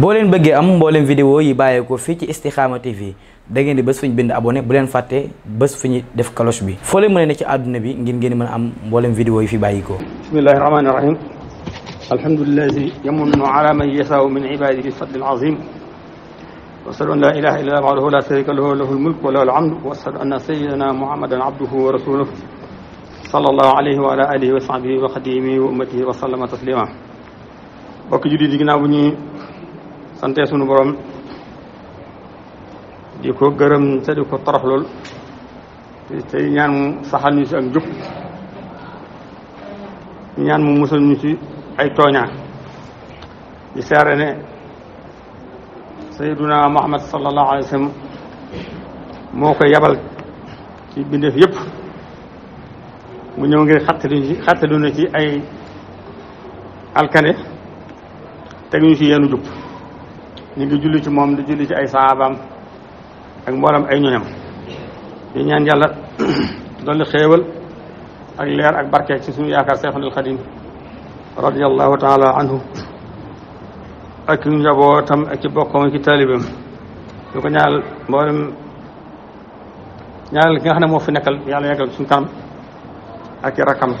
boo leen bëggee am mbooleem vidéo yi bàyyeekoo fii ci Istikhama TV da ngeen di bind abonné bu leen fàtte bés def cloche bi foo leen a ne ci àdduna bi ngir ngeen mën a am mbooleem vidéo yi fi bàyyikoo bismillahi rahmani rahim alhamdulilahi yamunnu ala man yasaau min ibadihi fadlil azim wa ashadu an la ilaha illallah wahdahu la sharika lahu lahu almulk wa lahu alhamd wa ashadu anna sayyidana muhammadan abduhu wa rasuluh sallallahu alayhi wa ala alihi sante suñu borom di ko gërëm te di ko toroxlul tey ñaan mu saxal ñu si ak njub ñaan mu musal ñu si ay tooñaa di seere ne sayyiduna Muhammad sallallahu alayhi wa moo ko yabal ci bindeef yëpp mu ñëw ngir xattali ci xattali na ci ay alkane teg ñu si yeenu jub ñu ngi julli ci moom di julli ci ay saabaam ak mboolam ay ñoñam di ñaan yàlla dolli xéewal ak leer ak barke ci suñu yaakaar seexul xadim radiallahu taala anhu ak njabootam ak ci bokkoom ci taalibam lu ko ñaanal mboolem xam ne moo fi nekkal yàlla nekkal suñu kanam ak rakkam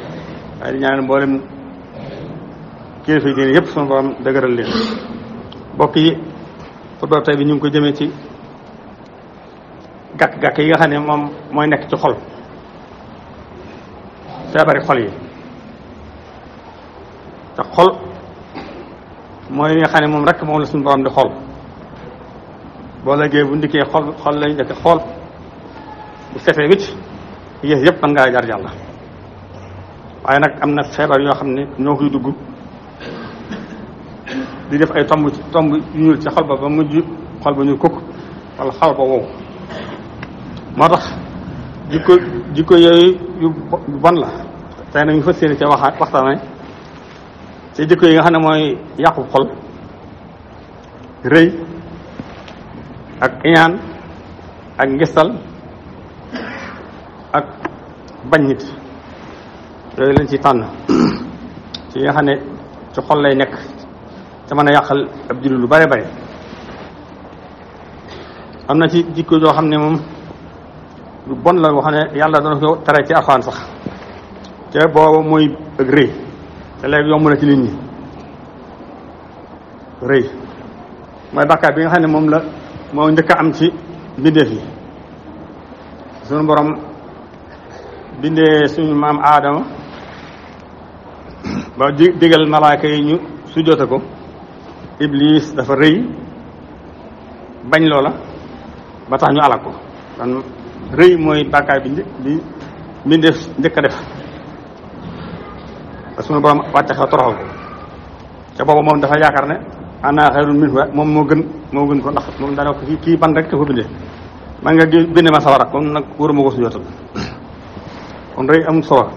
ay di ñaanal mboolem kilifa yi diine yëpp suñu borom dëgëral leen xutba tey bi ñu ngi ko jëmee ci gàkk-gàkk yi nga xam ne moom mooy nekk ci xol feebari xol yi te xol mooy li moom rek moom la suñu borom di xool boo léegi bu ndikkee xol xol lañu njëkk xool bu setee wicc yéen yëpp mën ngaa jar yàlla waaye nag am na feebar yoo xam ne ñoo koy dugg di def ay tomb tomb ñuul ci xol ba ba mujj xol ba ñuul kukk wala xol ba wow moo tax jikko jikko yooyu yu bon la tey nag ñu fas yéene ca waxa waxtaane ci jikko yi nga xam ne mooy yàqu xol rëy ak iñaan ak ngistal ak bañ nit yooyu lañ ci tànn ci nga xam ne ci xol lay nekk te mën a yàqal ab jullit lu bare bare am na ci jikko joo xam ne moom lu bon la boo xam ne yàlla dana ko tere ci alxuraan sax te booba mooy ak ci nit ñi rëy mooy bi nga xam ne moom la moo njëkk am ci mbindeef yi suñu borom bindee suñu maam aadama ba digal malaaka yi ñu su jote ko iblis dafa rëy bañ loola ba tax ñu alak ko kon rëy mooy bàkkaar bi bi mbindeef njëkk a def parce ma sunu borom wàcce xel toroxal ko te boobu moom dafa yaakaar ne ana xayrun minhu moom moo gën moo gën ko ndax moom daa ko kii kii ban rek te ko bindee man nga génne ma sawara kon nag wóoruma ko su jotal kon rëy amul sawara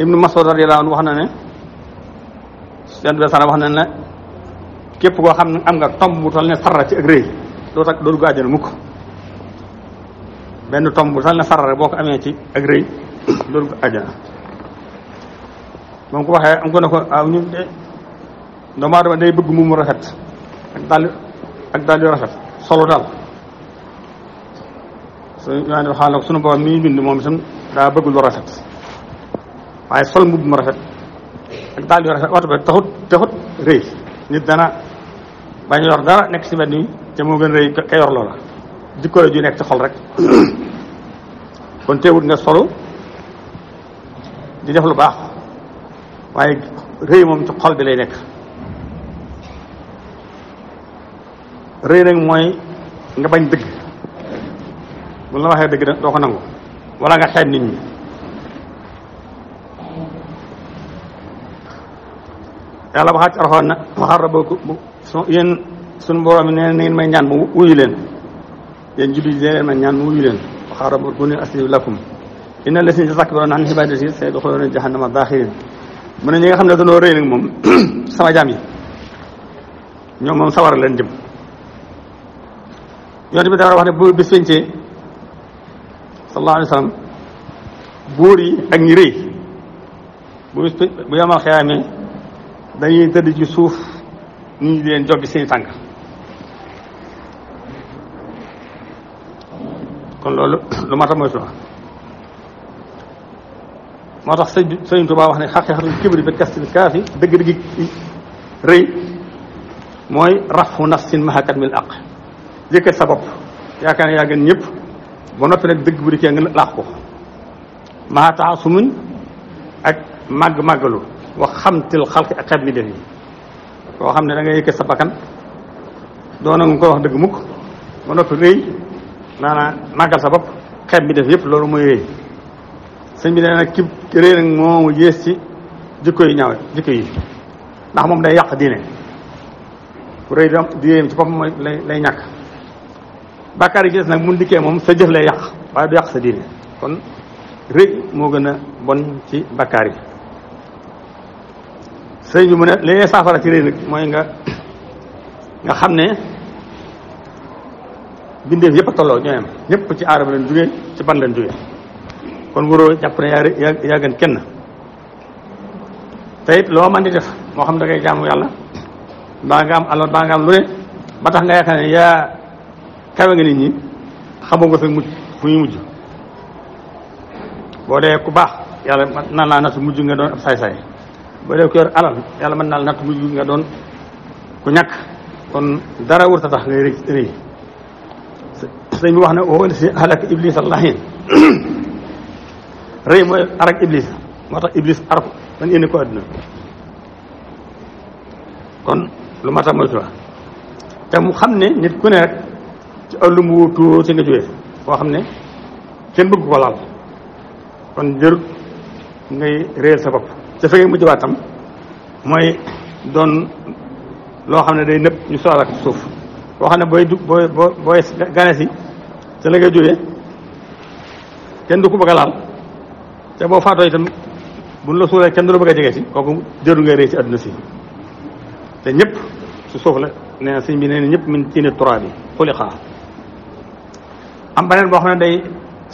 ibnu Mas'ud radiyallahu anhu wax na ne yonent bi sana wax na ne képp koo xam ne am nga tomb bu tal ne farra ci ak rëy loolu tax doo dugg àjjana benn tomb bu tal ne farra boo ko amee ci ak rëy doo moom ko waxee am ko ne ko waaw ñu de doomu bëgg mu rafet ak daal ak daal yu rafet solo daal su ñaan waxaa na ko sunu borom mi bind moom itam daa bëgg lu rafet waaye sol mbubb mu rafet ak daal oto bi taxut taxut rëy nit dana bañ yor dara nekk si mbedd mi te moo gën rëy ka yor loola jikko ju nekk ci xol rek kon teewut nga solo di def lu baax waaye rëy moom ci xol bi lay nekk rëy nag mooy nga bañ dëgg bu la waxee dëgg doo ko nangu wala nga xeeb nit ñi yàlla waxaat ci arxoon na waxaat rabbakum su yéen suñu borom mi na ngeen may ñaan mu wuyu leen yéen jullit yi leen may ñaan mu wuyu leen waxaat rabbakum ni astajib lakum inna lasina yastakbiruuna an ibadati sayadxuluuna jahannama daaxirin mu ne ñi nga xam ne dañoo rëy nag moom sama jaam yi ñoom moom sawara leen jëm yonent bi dafa wax ne bu bis pencee sallallahu ak ñi rëy bu bis bu dañuy tëdd ci suuf nit ñi di leen joggi seen tànk kon loolu lu ma tax moytu la moo tax sëñ sëñ Tuubaa wax ne xaqiqatul kibri bi kastil kaafi dëgg-dëgg rëy mooy rafu nafsin mahakat mil aq yëkkat sa bopp yaakaar ne yaa gën ñëpp ba noppi nag dëgg bu dikkee nga laax ko maha taxa sumuñ ak màgg-màggalu wax xamtil xalqi ak xeet mi def yi koo xam ne dangay nga yëkkat sa bakkan doona nga ko wax dëgg mukk ba noppi rëy maanaam màggal bopp xeet mi def yëpp loolu mooy rëy sëñ nag ki rëy nag moomu yées ci jikko yu ñaaw jikko yi ndax moom day yàq diine ku rëy doom diineem ci boppam mooy lay ñàkk bàkkaar yi ci nag mu dikkee moom sa jëf lay yàq waaye du yàq sa diine kon rëy moo gën a bon ci bakkaar yi sëñ bi mu ne li saafara ci rëy nag mooy nga nga xam ne bindeef yëpp a tolloo ñooyam ñëpp ci aadama leen jugee ci ban leen jugee kon waroo jàpp ne yaa gën kenn te it loo mën di def moo xam ne ngay jaamu yàlla mbaa nga am alal mbaa nga am lu ne ba tax nga yaakaar ne yaa kawe nga nit ñi xamoo nga sa mujj fu ñu mujj boo dee ku baax yàlla naan naa na su mujj nga doon ab saay-saay boo dee ko yor alal yàlla man naa la natt mujj nga doon ku ñàkk kon dara wër ta tax ngay rëy rëy wax ne wowal si moo tax iblis ar lu ma tax mu xam ne nit ku ne rek ci xam ne kenn bëgg ko kon jërut ngay réel ca fekkee mujj waatam mooy doon loo xam ne day nëpp ñu soxla ko suuf boo xam ne booy du booy booy gane si ca la ngay jógee kenn du ko bëgg a laal te boo faatoo itam buñ la suulee kenn du la bëgg jege si kooku jëru ngay rëy si àdduna si te ñëpp su suuf la nee na bi nee na ñëpp min tiini turaabi xuliqaa am beneen boo xam ne day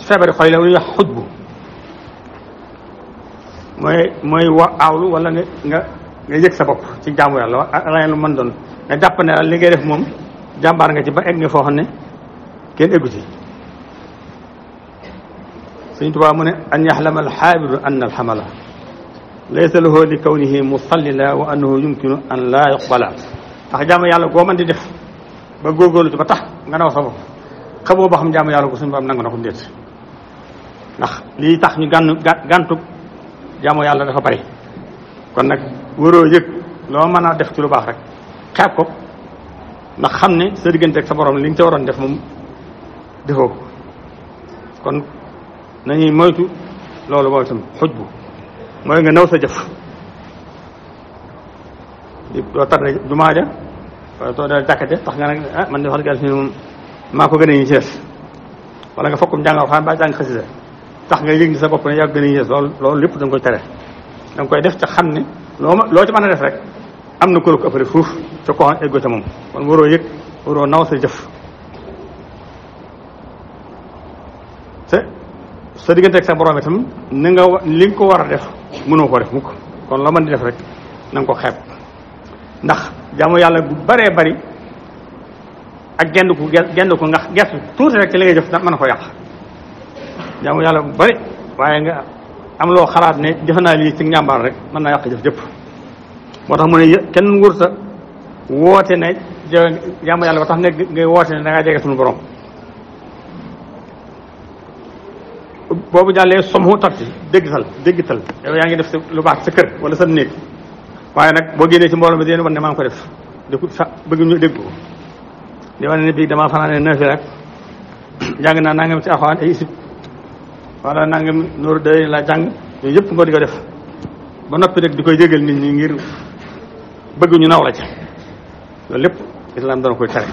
feebari xooy la lu ñuy xujbu mooy mooy wa aawlu wala nga nga nga yëg sa bopp ci jaamu yàlla wa la lu mën doon nga jàpp ne li ngay def moom jàmbaar nga ci ba egg nga foo xam ne kenn eggu ci Sëñ Tuubaa mu ne an yaxlama alxaabiru an alxamala laysa lahu li kawnihi musallila wa annahu yumkinu an laa yuqbala ndax jaamu yàlla goo man di def ba góorgóorlu ci ba tax nga naw sa bopp xamoo ba xam jaamu yàlla ko suñu borom nangu na ko déet ndax lii tax ñu gànnu gàntu jaamu yàlla dafa bari kon nag waroo yëg loo mën a def ci lu baax rek xeeb ko ndax xam ne sa diggante ak sa boroom li nga ca waroon def moom defoo ko kon nañuy moytu loolu mooy tam xuj bu mooy nga naw sa jëf doo tarde jumaa ja wala doo dal jàkka ja tax nga nag ah, man de wax dëgg moom maa ko gën a ñu ci des wala nga fokkum jàng xaan ba jàng xasida tax nga yëg ni sa bopp ne yàgg gën a yees loolu loolu lépp da koy tere da nga koy def ca xam ne loo ma loo ci mën a def rek am na kóolug ëppale fuuf ca koo xam eggoo ca moom kon waroo yëpp waroo naw sa jëf te sa diggante ak sa borom itam ni nga li nga ko war a def mënoo ko def mukk kon loo mën di def rek na nga ko xeeb ndax jaamu yàlla bu baree bari ak genn ku genn ko nga gestu tuuti rek ci li ngay jëf mën na ko yàq jaamu yàlla bu bari waaye nga am loo xalaat ne jëf naa lii ci njàmbaar rek mën naa yàq jëf jëpp moo tax mu ne kenn wurta woote ne yàmb yàlla ba tax ne ngay woote ne da ngaa jege suñu borom boobu jàllee somhu tatti yaa ngi def lu baax wala sa nag boo génnee ci mbooloo mi déen wan maa ngi ko def di ko sa bëgg ñu dégg ko di wane ne bii damaa fanaa ne neuf rek jàng naa nangam ci axawaan ay isib naa nangam nooru day la jàng yooyu yëpp nga di ko def ba noppi rek di koy jégal nit ñi ngir bëgg ñu naw la ci loolu lépp islam dana koy tere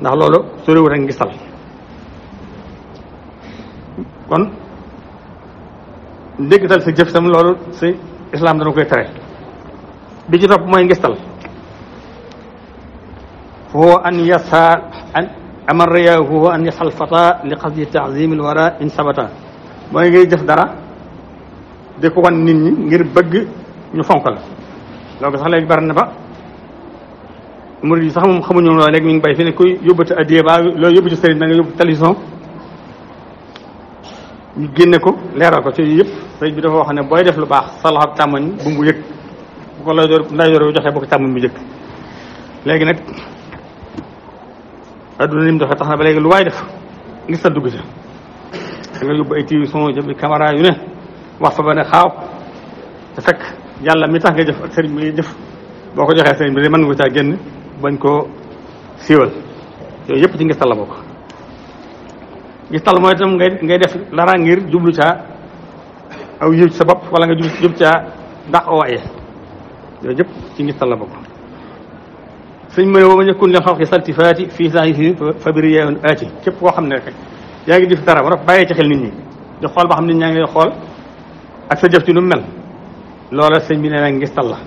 ndax loolu su réew rek kon ndéggatal sa jëf tam loolu si bi ci topp mooy ngistal foo an yasa an amar riyaahu an yasal fata li xasdi taazim il wara in sabata mooy ngay def dara di ko wan nit ñi ngir bëgg ñu fonk la loolu sax léegi bari na ba murid yi sax moom xamuñu loolu léegi ñu ngi bay fi ne kuy yóbbati addiya ba loolu yóbbu ci sëriñ da nga yóbbu télévision ñu génne ko leeral ko ci yëpp sëriñ bi dafa wax ne booy def lu baax sa loxo tàmmoñ bu mu yëg bu ko lay door bu joxee bu ko tàmmoñ bu njëkk léegi nag adduna lim dafa tax na ba léegi lu waay def ngis sa dugg ca da nga yóbbu ay tivi son jëbi caméra yu ne wax fa ba ne xaaw te fekk yàlla mi tax nga jëf ak sëriñ bi ngay jëf boo ko joxee sëriñ bi de mën nga caa génn bañ koo siiwal yooyu yëpp ci ngis tal la bokk ngis tal ngay def dara ngir jublu caa aw sa bopp wala nga jub caa ndax oo waaye la bokk sëñ mu ne wa ma ñëkkun leen xaw salti faati fii sax yi fa yeewoon aati képp koo xam ne rek yaa ngi def dara war a bàyyee ci xel nit ñi di xool ba xam nit ñaa ngi xool ak sa jëf ci nu mel loola sëñ bi nee na ngistal la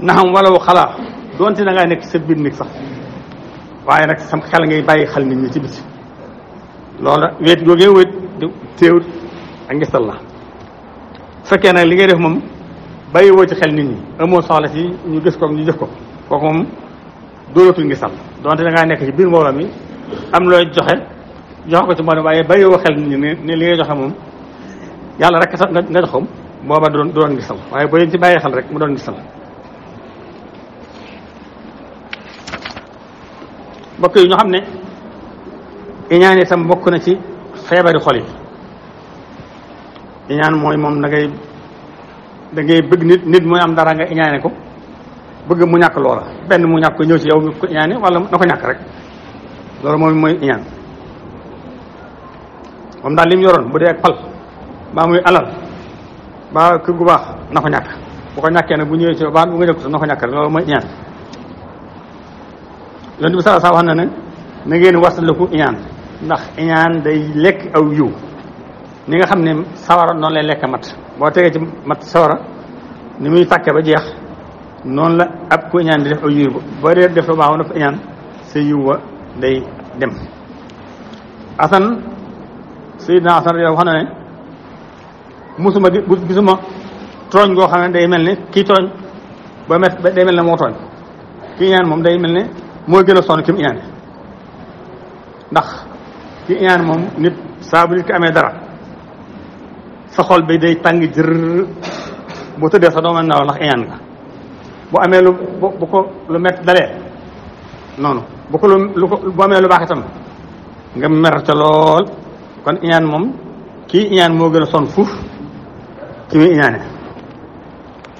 naxam walawu xalaa doonte da ngaa nekk sa biir nit sax waaye nag sam xel ngay bàyyi xel nit ñi ci biti loola wéet googee wéet di téewut ak ngistal la fekkee nag li ngay def moom bàyyi woo ci xel nit ñi amoo soxla ci ñu gis ko ñu jëf ko kooku moom dóoratul ngi sal donte da nekk ci biir mbooloo mi am looy joxe joxe ko ci mbooloo waaye bàyyiwoo xel nit li ngay joxe moom yàlla rek sax nga joxum booba doon doon ngi sal waaye boo ci bàyyi xel rek mu doon ngi sal mbokk yi ñu xam ne iñaan itam bokk na ci xeebari xol yi iñaan mooy moom da dangay bëgg nit nit mooy am dara nga iñaane ko bëgg mu ñàkk loola benn mu ñàkk ko ñëw ci yow mi ko ñaane wala na ko ñàkk rek loolu moom mooy ñaan moom daal li yoroon bu dee pal baa muy alal baa kër gu baax na ko ñàkk bu ko ñàkkee nag bu ñëwee ci baan bu nga ñëkk na ko ñàkk rek loolu mooy ñaan yonent bi saa saa wax na ne na ngeen wasaliku iñaan ndax iñaan day lekk aw yiw ni nga xam ne sawara noon lay lekk mat boo tegee ci mat sawara ni muy tàkke ba jeex noonu la ab ku iñaan di def aw yiw ba boo dee def lu baax na fa iñaan sa yiw wa day dem asan sayyidna asan yow wax na ne musuma gisuma tooñ goo xam ne day mel ne kii tooñ ba met day mel ne moo tooñ ki iñaan moom day mel ne mooy gën a sonn ki iñaane ndax ki iñaan moom nit saabu bu nit amee dara sa xol bi day tàng jër boo tëddee sa doo mën naaw ndax iñaan nga bu amee lu bu ko lu mett dalee noonu bu ko lu ko bu amee lu baax itam nga mer ca lool kon iñaan moom kii iñaan moo gën a son fuuf ci muy iñaane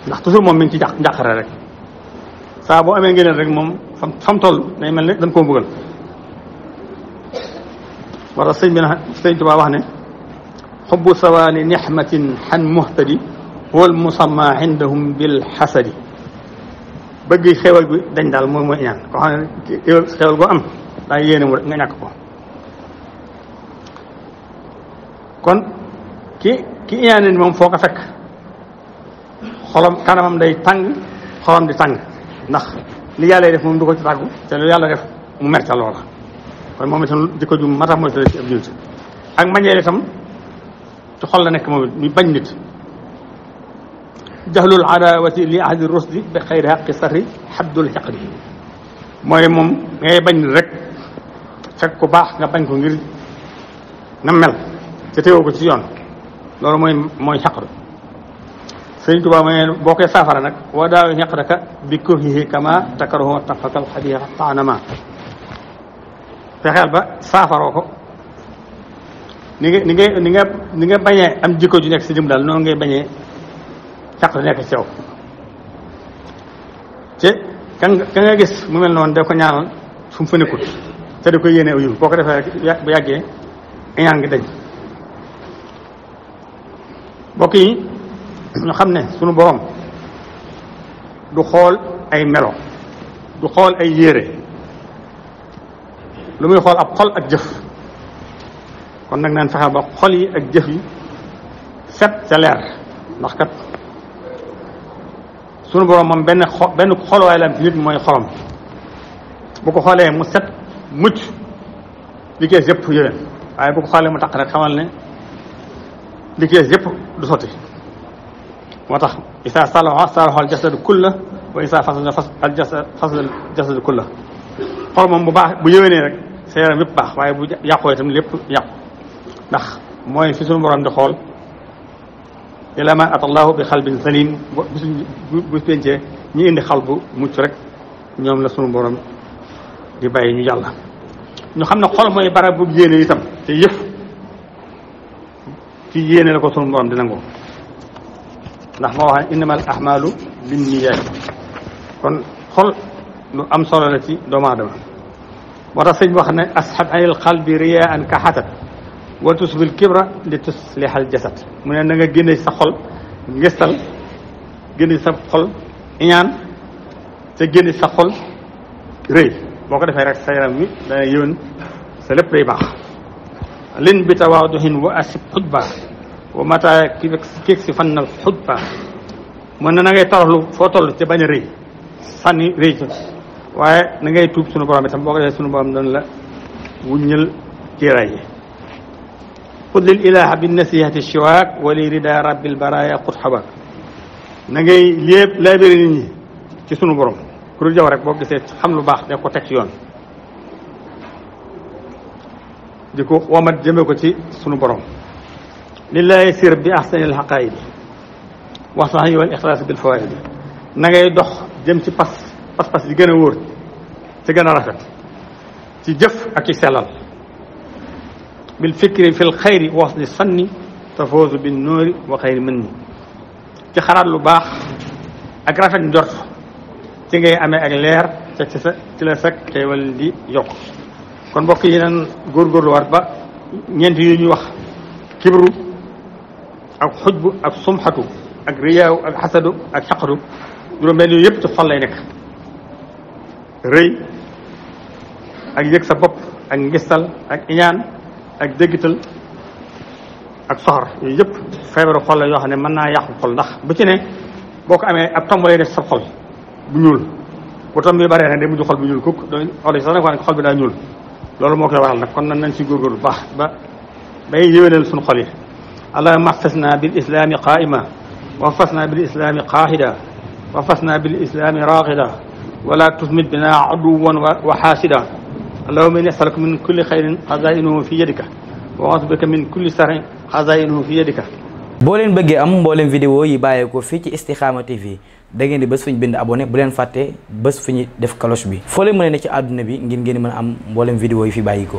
ndax toujours moom mi ci jàq njàqare rek saa boo amee ngëneel rek moom fam fam toll day mel ne dañ koo bëggal war a sëñ bi na sëñ Tuubaa wax ne xubbu sawaani nixmatin xan muhtadi wal musamma indahum bil xasadi bëgg xewal bi dañ daal moom mooy ñaan koo xam ne xewal boo am daa yéene mu rek nga ñàkk ko kon ki ki iñaane ni moom foo ko fekk xolam kanamam day tàng xolam di tàng ndax li yàlla def moom du ko ci tàggu te lu yàlla def mu mer loola kon moom itam di ko jum mooy ci ab jullit ak mañeele itam ci xol la nekk moom it bañ nit jaxlul adawati li ahli rusdi bi xayri xaqi sarri xabdul xeqri mooy moom ngay bañ rek fekk ku baax nga bañ ko ngir na mel te teewoo ko ci yoon loolu mooy mooy xaqru sëriñ Tuubaa mooy boo koy saafara nag wa daaw xaqraka bi kuhihi kama takarahu tafakal xabiha taanama fexeel ba saafaroo ko ni nga ni nga ni nga ni nga bañee am jikko ju nekk si jëm daal noonu ngay bañee caq la nekk ci ce te kan ka gis mu mel noonu da ko ñaanal su mu fa nekkut te da koy yéene aw boo ko defee rek bu yàggee iñaan ngi dañ mbokk yi ñu xam ne sunu borom du xool ay melo du xool ay yére lu muy xool ab xol ak jëf kon nag naan fexe ba xol yi ak jëf yi set sa ndax kat sunu borom moom benn xo benn xolwaay la am nit mooy xolam bu ko xoolee mu set mucc liggéey yëpp yéwén waaye bu ko xoolee mu taq rek xamal ne liggéey yëpp du sotti moo tax isaa salaha salaha al jasadu kulla wa isaa fasada al jasad fasada al jasadu kulla xol moom bu baax bu yéwénee rek sa yaram yëpp baax waaye bu yàqoo tam lépp yàqu ndax mooy fi sunu borom di xool ila man atallahu bi xalbin salim bu pencee ñu indi xal bu mucc rek ñoom la sunu borom di bàyyi ñu yàlla ñu xam ne xol mooy barab bu yéene itam te yëf ci yéene la ko sunu borom di nangoo ndax moo wax ne innamal ahmaalu binniyaati kon xol lu am solo la ci doomu aadama moo tax sëñ wax ne asxab anil qalbi riyaan ka xatat wa tusbil kibra li tuslihal jasad mu ne na nga génne sa xol ngistal génne sa xol iñaan sa génne sa xol rëy boo ko defee rek sa yaram wi dana yéwén sa lépp day baax lin bi tawaaduhin wa asib xutba wa mata kiig si fan na xutba mu na ngay toroxlu foo toll ci bañ a rëy na ngay tuub sunu borom itam boo ko defee sunu borom dana la wuññal ciiraay yi xud lil ilaha bi nasihati shiwaak wali rida rabbil baraya xut xabaak na ngay léeb laabiri nit ñi ci sunu borom ku dul jaw rek boo gisee xam lu baax da ko teg ci yoon di ko wamat jëme ko ci sunu borom lillahi sir bi ahsani al xaqaayid waxtaan yi wal ixlaas bil fawaayid na ngay dox jëm ci pas pas pas yi gën a wóor ci gën a rafet ci jëf ak ci sellal bil fikri fil xayri was di sanni tafoosu bi nóori wa xayri mën ni ci xalaat lu baax ak rafet njort ci ngay amee ak leer ca ci sa ci la yokk kon mbokk yi nan góorgóorlu war ba ñeent yu ñuy wax kibru ak xujbu ak sumxatu ak riyaaw ak xasadu ak xaqadu juróom benn yooyu yëpp ci xol lay nekk rëy ak yëg sa bopp ak ngistal ak iñaan ak déggital ak soxor yooyu yëpp feebaru xol la yoo xam ne mën naa yàqu xol ndax bu ci ne boo ko amee ab tomb lay def sa xol bu ñuul bu tomb bi baree nag day mujj xol bu ñuul kukk doon xol yi sax nag waa xol bi daa ñuul loolu moo koy waral nag kon nan nañ ci góorgóorlu bu baax ba bay yéwénal suñu xol yi allahumma ahfasna bil islami qaima wa ahfasna bil islami qaahida wa ahfasna bil islami raaqida wala tusmit bina aduwan wa xaasida allahumma inni as'aluka min kulli xayrin xazaa'inuhu fi yadika wa a'uudu bika min kulli sharrin xazaa'inuhu fi yadika boo leen bëggee am mbooleem vidéo yi bàyyeekoo fii ci Istikhama TV da ngeen di bés fu ñu bind abone bu leen fàttee bés fu ñu def cloche bi foo leen mën ne ci àdduna bi ngir ngeen mën am mbooleem vidéo yi fi bàyyeekoo